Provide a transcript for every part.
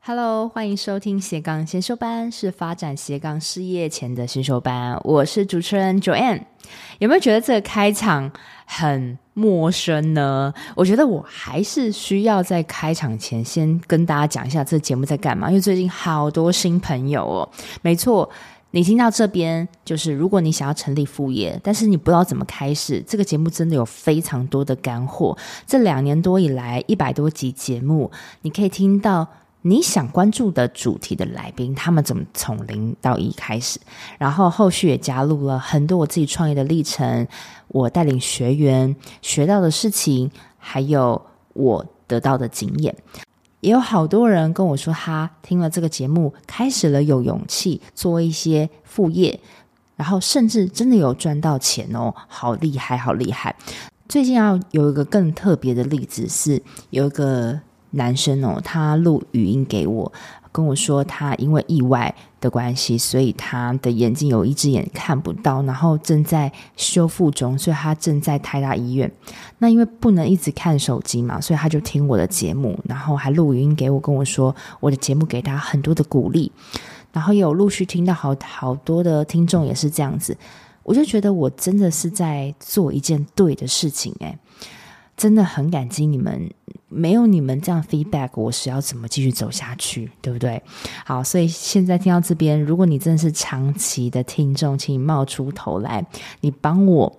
Hello，歡迎收聽斜槓先修班，是發展斜槓事業前的先修班。我是主持人 Joanne。有沒有覺得這個開場很陌生呢？我覺得我還是需要在開場前先跟大家講一下這個節目在幹嘛，因為最近好多新朋友哦。沒錯，你聽到這邊就是，如果你想要成立副業，但是你不知道怎麼開始，這個節目真的有非常多的乾貨。這兩年多以來，一百多集節目，你可以聽到。你想關注的主題的來賓，他們怎麼從零到一開始？然後後續也加入了很多我自己創業的歷程，我帶領學員學到的事情，還有我得到的經驗。也有好多人跟我說，他聽了這個節目，開始了有勇氣做一些副業，然後甚至真的有賺到錢哦，好厲害，好厲害！最近要、啊、有一個更特別的例子是，有一個。男生哦，他錄語音給我，跟我說他因為意外的關係，所以他的眼睛有一隻眼看不到，然後正在修復中，所以他正在台大醫院。那因為不能一直看手機嘛，所以他就聽我的節目，然後還錄語音給我，跟我說我的節目給他很多的鼓勵，然後有陸續聽到好好多的聽眾也是這樣子，我就覺得我真的是在做一件對的事情，欸，誒，真的很感激你們。沒有你們這樣 feedback，我是要怎麼繼續走下去，對不對？好，所以現在聽到這邊，如果你真的是長期的聽眾，請你冒出頭來，你幫我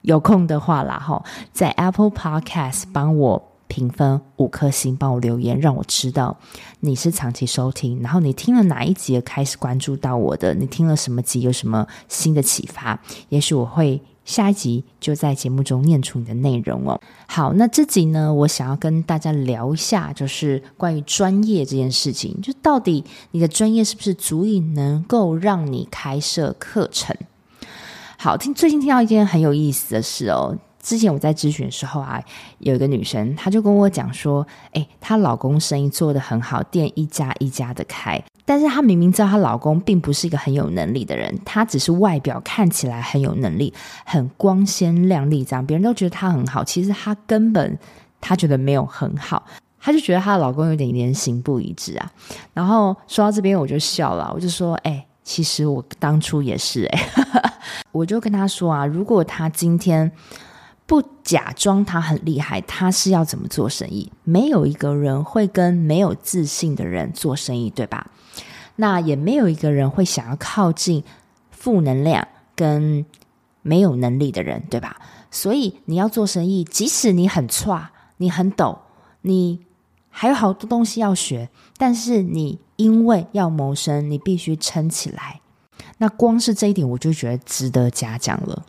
有空的話啦，齁，在 Apple Podcast 幫我評分五顆星，幫我留言，讓我知道你是長期收聽，然後你聽了哪一集開始關注到我的？你聽了什麼集？有什麼新的啟發？也許我會。下一集就在節目中念出你的內容哦。好，那這集呢，我想要跟大家聊一下，就是關於專業這件事情，就到底你的專業是不是足以能夠讓你開設課程？好，聽，最近聽到一件很有意思的事哦。之前我在諮詢的時候啊，有一個女生，她就跟我講說，誒，她老公生意做得很好，店一家一家的開。但是她明明知道她老公並不是一個很有能力的人，她只是外表看起來很有能力，很光鮮亮麗，這樣，別人都覺得她很好，其實她根本她覺得沒有很好，她就覺得她的老公有點言行不一致啊。然後說到這邊我就笑了，我就說，哎、欸，其實我當初也是、欸，哎， 我就跟她說啊，如果她今天。不假裝他很厲害，他是要怎麼做生意？沒有一個人會跟沒有自信的人做生意，對吧？那也沒有一個人會想要靠近負能量跟沒有能力的人，對吧？所以你要做生意，即使你很差，你很抖，你還有好多東西要學，但是你因為要謀生，你必須撐起來。那光是這一點，我就覺得值得嘉獎了。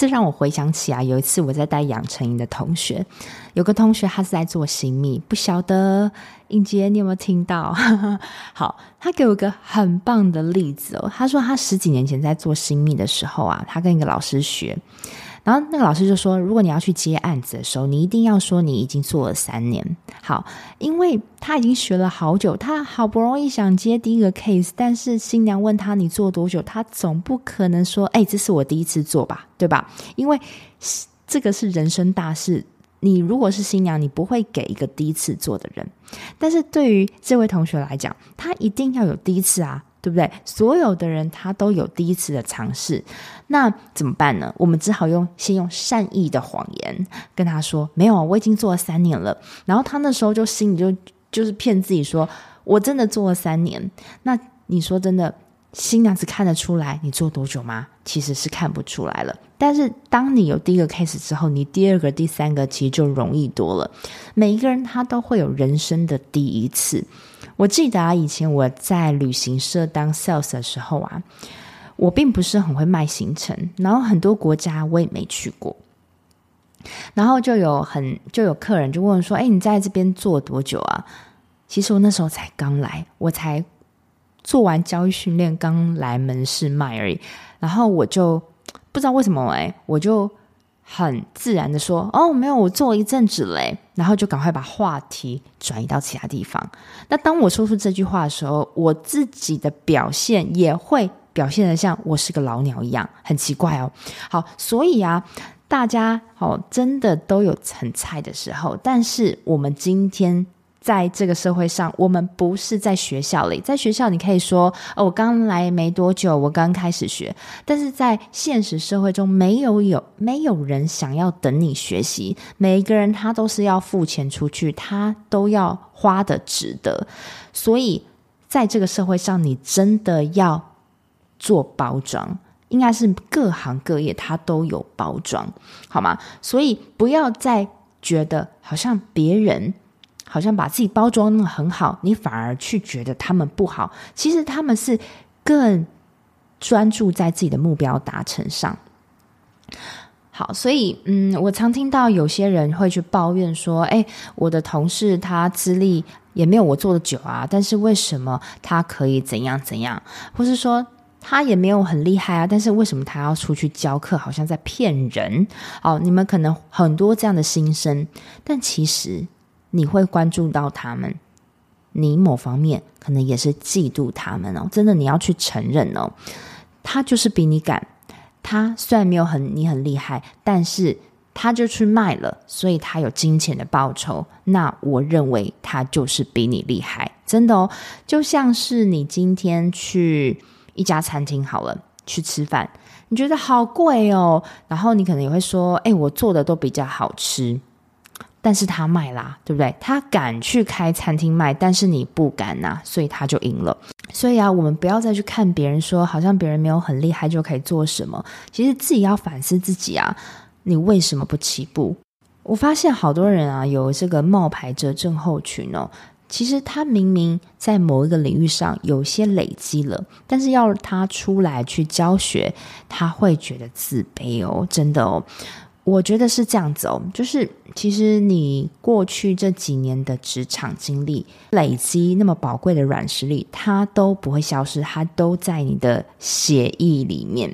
這讓我回想起啊，有一次我在帶養成營的同學，有個同學他是在做新秘。不曉得英傑你有沒有聽到？ 好，他給我一個很棒的例子哦，他說他十幾年前在做新秘的時候啊，他跟一個老師學。然後那個老師就說：“如果你要去接案子的時候，你一定要說你已經做了三年。”好，因為他已經學了好久，他好不容易想接第一個 case，但是新娘問他你做多久，他總不可能說：“哎，這是我第一次做吧？”對吧？因為這個是人生大事，你如果是新娘，你不會給一個第一次做的人。但是對於這位同學來講，他一定要有第一次啊。對不對？所有的人他都有第一次的嘗試，那怎麼辦呢？我們只好用先用善意的謊言跟他說：“沒有啊，我已經做了三年了。”然後他那時候就心裡就就是騙自己說：“我真的做了三年。”那你說真的新娘子看得出來你做多久嗎？其實是看不出來了。但是當你有第一個 case 之後，你第二個、第三個其實就容易多了。每一個人他都會有人生的第一次。我記得啊，以前我在旅行社當 sales 的時候啊，我並不是很會賣行程，然後很多國家我也沒去過，然後就有很就有客人就問說：“哎、欸，你在這邊做多久啊？”其實我那時候才剛來，我才做完教育訓練剛來門市賣而已，然後我就不知道為什麼哎、欸，我就很自然的說：“哦，沒有，我做了一陣子嘞、欸。”然後就趕快把話題轉移到其他地方。那當我說出這句話的時候，我自己的表現也會表現得像我是個老鳥一樣，很奇怪哦。好，所以啊，大家哦，真的都有很菜的時候，但是我們今天。在這個社會上，我們不是在學校裡。在學校，你可以說，哦“我剛來沒多久，我剛開始學”。但是在現實社會中，沒有有沒有人想要等你學習。每一個人他都是要付錢出去，他都要花的值得。所以，在這個社會上，你真的要做包裝，應該是各行各業他都有包裝，好嗎？所以不要再覺得好像別人。好像把自己包裝得很好，你反而去覺得他們不好。其實他們是更專注在自己的目標達成上。好，所以嗯，我常聽到有些人會去抱怨說：“哎、欸，我的同事他資歷也沒有我做的久啊，但是為什麼他可以怎樣怎樣？或是說他也沒有很厲害啊，但是為什麼他要出去教課，好像在騙人？”好，你們可能很多這樣的心聲，但其實。你會關注到他們，你某方面可能也是嫉妒他們哦。真的，你要去承認哦，他就是比你敢。他雖然沒有很你很厲害，但是他就去賣了，所以他有金錢的報酬。那我認為他就是比你厲害，真的哦。就像是你今天去一家餐廳好了，去吃飯，你覺得好貴哦，然後你可能也會說，哎，我做的都比較好吃。但是他賣啦，對不對？他敢去開餐廳賣，但是你不敢啊，所以他就贏了。所以啊，我們不要再去看別人說，好像別人沒有很厲害就可以做什麼。其實自己要反思自己啊，你為什麼不起步？我發現好多人啊，有這個冒牌者症候群哦。其實他明明在某一個領域上有些累積了，但是要他出來去教學，他會覺得自卑哦，真的哦。我覺得是這樣子哦，就是其實你過去這幾年的職場經歷累積那麼寶貴的軟實力，它都不會消失，它都在你的血液裡面。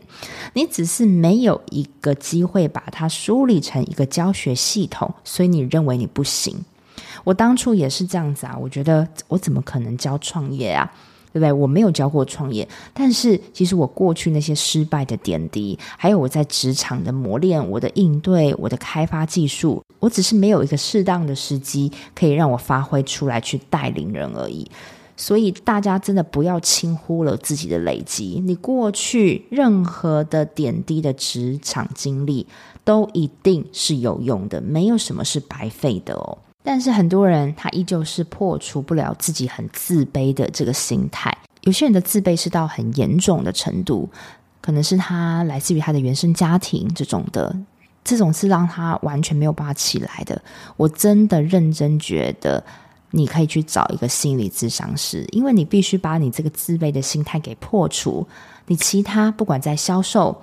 你只是沒有一個機會把它梳理成一個教學系統，所以你認為你不行。我當初也是這樣子啊，我覺得我怎麼可能教創業啊？對不對？我沒有教過創業，但是其實我過去那些失敗的點滴，還有我在職場的磨練、我的應對、我的開發技術，我只是沒有一個適當的時機可以讓我發揮出來去帶領人而已。所以大家真的不要輕忽了自己的累積，你過去任何的點滴的職場經歷都一定是有用的，沒有什麼是白費的哦。但是很多人他依舊是破除不了自己很自卑的這個心態。有些人的自卑是到很嚴重的程度，可能是他來自於他的原生家庭這種的，這種是讓他完全沒有辦法起來的。我真的認真覺得，你可以去找一個心理諮商師，因為你必須把你這個自卑的心態給破除。你其他不管在銷售，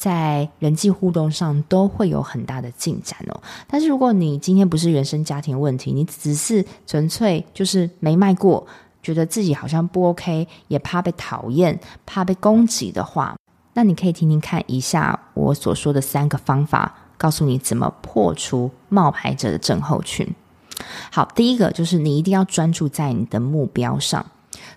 在人際互動上都會有很大的進展哦。但是如果你今天不是原生家庭問題，你只是純粹就是沒賣過，覺得自己好像不 OK，也怕被討厭，怕被攻擊的話，那你可以聽聽看一下我所說的三個方法，告訴你怎麼破除冒牌者的症候群。好，第一個就是你一定要專注在你的目標上。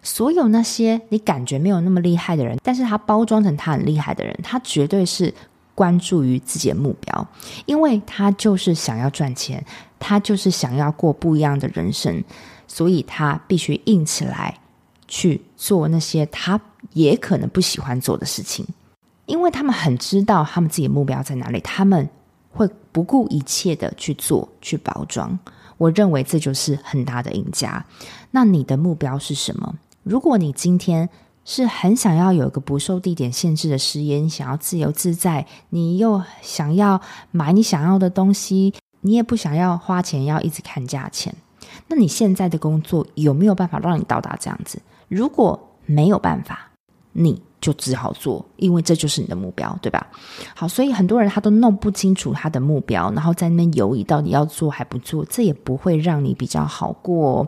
所有那些你感覺沒有那麼厲害的人，但是他包裝成他很厲害的人，他絕對是關注於自己的目標，因為他就是想要賺錢，他就是想要過不一樣的人生，所以他必須硬起來去做那些他也可能不喜歡做的事情，因為他們很知道他們自己的目標在哪裡，他們會不顧一切的去做，去包裝。我認為這就是很大的贏家。那你的目標是什麼？如果你今天是很想要有一個不受地點限制的事業，你想要自由自在，你又想要買你想要的東西，你也不想要花錢，要一直看價錢，那你現在的工作有沒有辦法讓你到達這樣子？如果沒有辦法，你就只好做，因為這就是你的目標，對吧？好，所以很多人他都弄不清楚他的目標，然後在那邊猶豫到底要做還不做，這也不會讓你比較好過哦。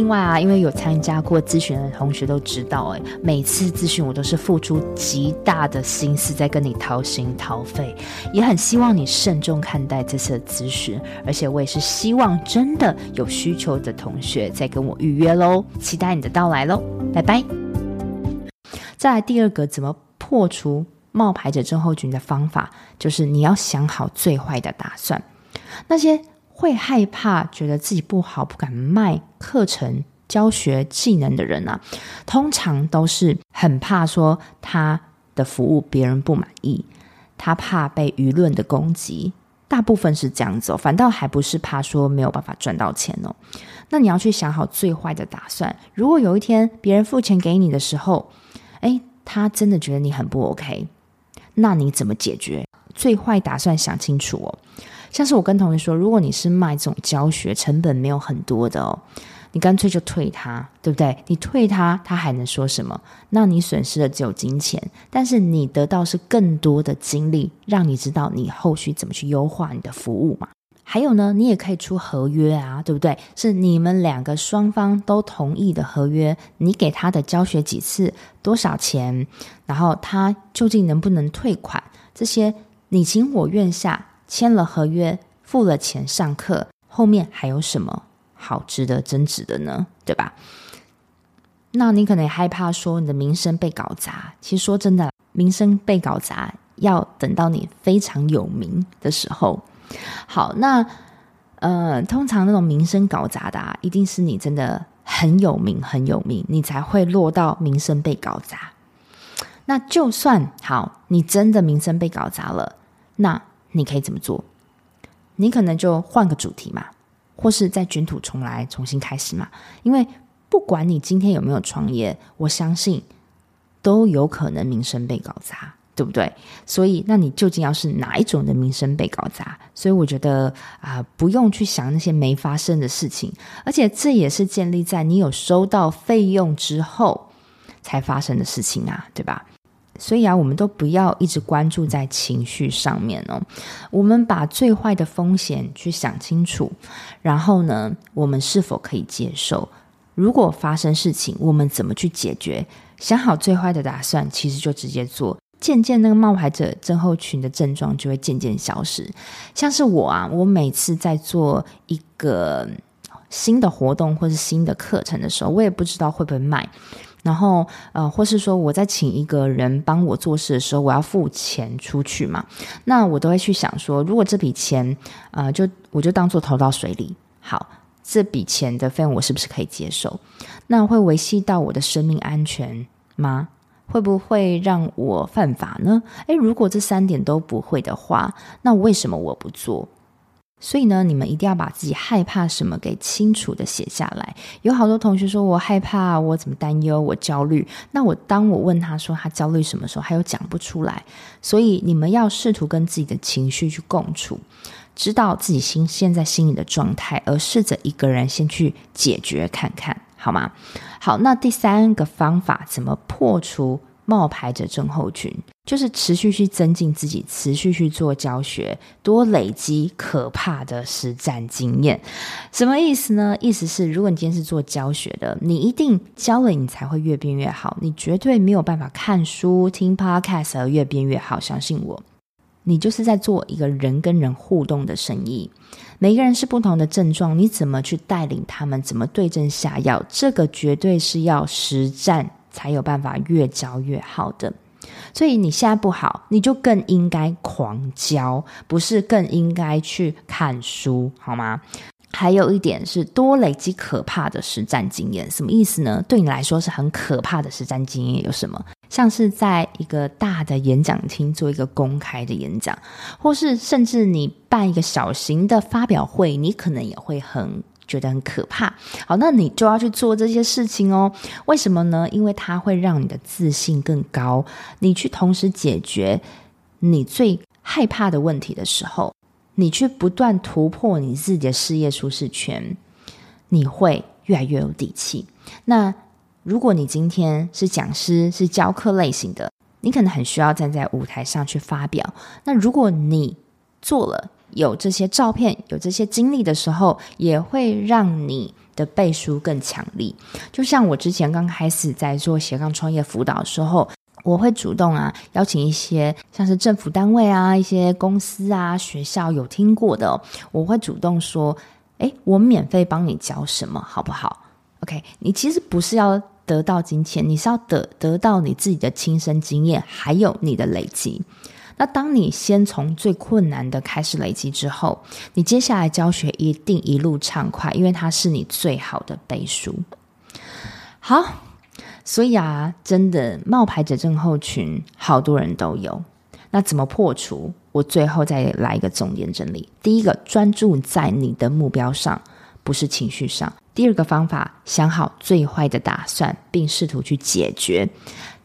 另外啊，因為有參加過諮詢的同學都知道，欸，每次諮詢我都是付出極大的心思在跟你掏心掏肺，也很希望你慎重看待這次的諮詢，而且我也是希望真的有需求的同學在跟我預約嘍，期待你的到來嘍，拜拜。再來第二個，怎麼破除冒牌者症候群的方法，就是你要想好最壞的打算，那些。會害怕覺得自己不好，不敢賣課程、教學技能的人啊，通常都是很怕說他的服務別人不滿意，他怕被輿論的攻擊，大部分是這樣子哦。反倒還不是怕說沒有辦法賺到錢哦。那你要去想好最壞的打算，如果有一天別人付錢給你的時候，哎，他真的覺得你很不 OK，那你怎麼解決？最壞打算想清楚哦。像是我跟同學說，如果你是賣這種教學，成本沒有很多的哦，你乾脆就退他，對不對？你退他，他還能說什麼？那你損失的只有金錢，但是你得到是更多的精力，讓你知道你後續怎麼去優化你的服務嘛。還有呢，你也可以出合約啊，對不對？是你們兩個雙方都同意的合約，你給他的教學幾次，多少錢，然後他究竟能不能退款？這些你情我願下。簽了合約，付了錢，上課，後面還有什麼好值得爭執的呢？對吧？那你可能也害怕說你的名聲被搞砸。其實說真的，名聲被搞砸要等到你非常有名的時候。好，那呃，通常那種名聲搞砸的、啊，一定是你真的很有名，很有名，你才會落到名聲被搞砸。那就算好，你真的名聲被搞砸了，那，你可以怎麼做？你可能就換個主題嘛，或是再卷土重來，重新開始嘛。因為不管你今天有沒有創業，我相信都有可能名聲被搞砸，對不對？所以，那你究竟要是哪一種的名聲被搞砸？所以，我覺得啊，呃，不用去想那些沒發生的事情，而且這也是建立在你有收到費用之後才發生的事情啊，對吧？所以啊，我們都不要一直關注在情緒上面哦。我們把最壞的風險去想清楚，然後呢，我們是否可以接受？如果發生事情，我們怎麼去解決？想好最壞的打算，其實就直接做。漸漸，那個冒牌者症候群的症狀就會漸漸消失。像是我啊，我每次在做一個新的活動或是新的課程的時候，我也不知道會不會賣。然後，呃，或是說我在請一個人幫我做事的時候，我要付錢出去嘛，那我都會去想說，如果這筆錢，呃，就我就當做投到水裡，好，這筆錢的費用我是不是可以接受？那會維繫到我的生命安全嗎？會不會讓我犯法呢？誒，如果這三點都不會的話，那為什麼我不做？所以呢，你們一定要把自己害怕什麼給清楚地寫下來。有好多同學說，我害怕，我怎麼擔憂，我焦慮。那我當我問他說他焦慮什麼時候，他又講不出來。所以你們要試圖跟自己的情緒去共處，知道自己心現在心裡的狀態，而試着一個人先去解決看看，好嗎？好，那第三個方法，怎麼破除冒牌者症候群？就是持續去增進自己，持續去做教學，多累積可怕的實戰經驗。什麼意思呢？意思是，如果你今天是做教學的，你一定教了，你才會越變越好。你絕對沒有辦法看書、聽 Podcast 而越變越好。相信我，你就是在做一個人跟人互動的生意。每個人是不同的症狀，你怎麼去帶領他們？怎麼對症下藥？這個絕對是要實戰才有辦法越教越好的。所以你現在不好，你就更應該狂教，不是更應該去看書，好嗎？還有一點是多累積可怕的實戰經驗。什麼意思呢？對你來說是很可怕的實戰經驗有什麼？像是在一個大的演講廳做一個公開的演講，或是甚至你辦一個小型的發表會，你可能也會很覺得很可怕，好，那你就要去做這些事情哦。為什麼呢？因為它會讓你的自信更高。你去同時解決你最害怕的問題的時候，你去不斷突破你自己的事業舒適圈，你會越來越有底氣。那如果你今天是講師，是教課類型的，你可能很需要站在舞台上去發表。那如果你做了，有這些照片，有這些經歷的時候，也會讓你的背書更強力。就像我之前剛開始在做斜槓創業輔導的時候，我會主動啊邀請一些像是政府單位啊、一些公司啊、學校有聽過的、哦，我會主動說：“哎，我免費幫你教什麼，好不好？”OK，你其實不是要得到金錢，你是要得得到你自己的親身經驗，還有你的累積。那當你先從最困難的開始累積之後，你接下來教學一定一路暢快，因為它是你最好的背書。好，所以啊，真的冒牌者症候群，好多人都有。那怎麼破除？我最後再來一個重點整理：第一個，專注在你的目標上，不是情緒上；第二個方法，想好最壞的打算，並試圖去解決。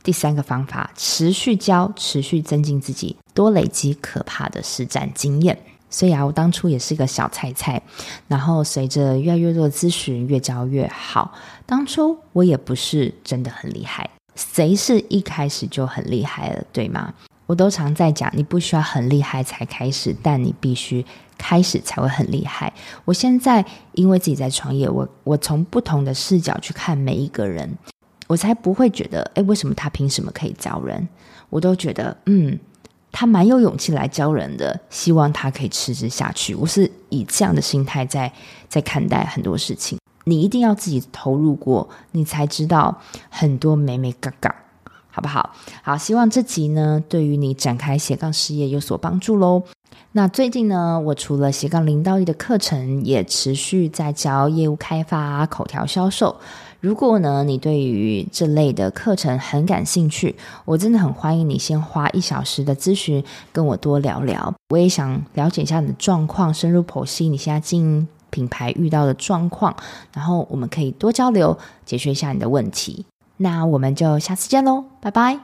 第三個方法，持續教，持續增進自己，多累積可怕的實戰經驗。所以啊，我當初也是個小菜菜，然後隨着越來越多的諮詢，越教越好。當初我也不是真的很厲害，誰是一開始就很厲害了，對嗎？我都常在講，你不需要很厲害才開始，但你必須開始才會很厲害。我現在因為自己在創業，我我從不同的視角去看每一個人。我才不會覺得，哎，為什麼他憑什麼可以教人？我都覺得，嗯，他蠻有勇氣來教人的，希望他可以持續下去。我是以這樣的心態在在看待很多事情。你一定要自己投入過，你才知道很多美美嘎嘎，好不好？好，希望這集呢，對於你展開斜槓事業有所幫助嘍。那最近呢，我除了斜槓零到一的課程，也持續在教業務開發、口條銷售。如果呢，你對於這類的課程很感興趣，我真的很歡迎你先花一小時的諮詢，跟我多聊聊。我也想了解一下你的狀況，深入剖析你現在經營品牌遇到的狀況，然後我們可以多交流，解決一下你的問題。那我們就下次見嘍，拜拜。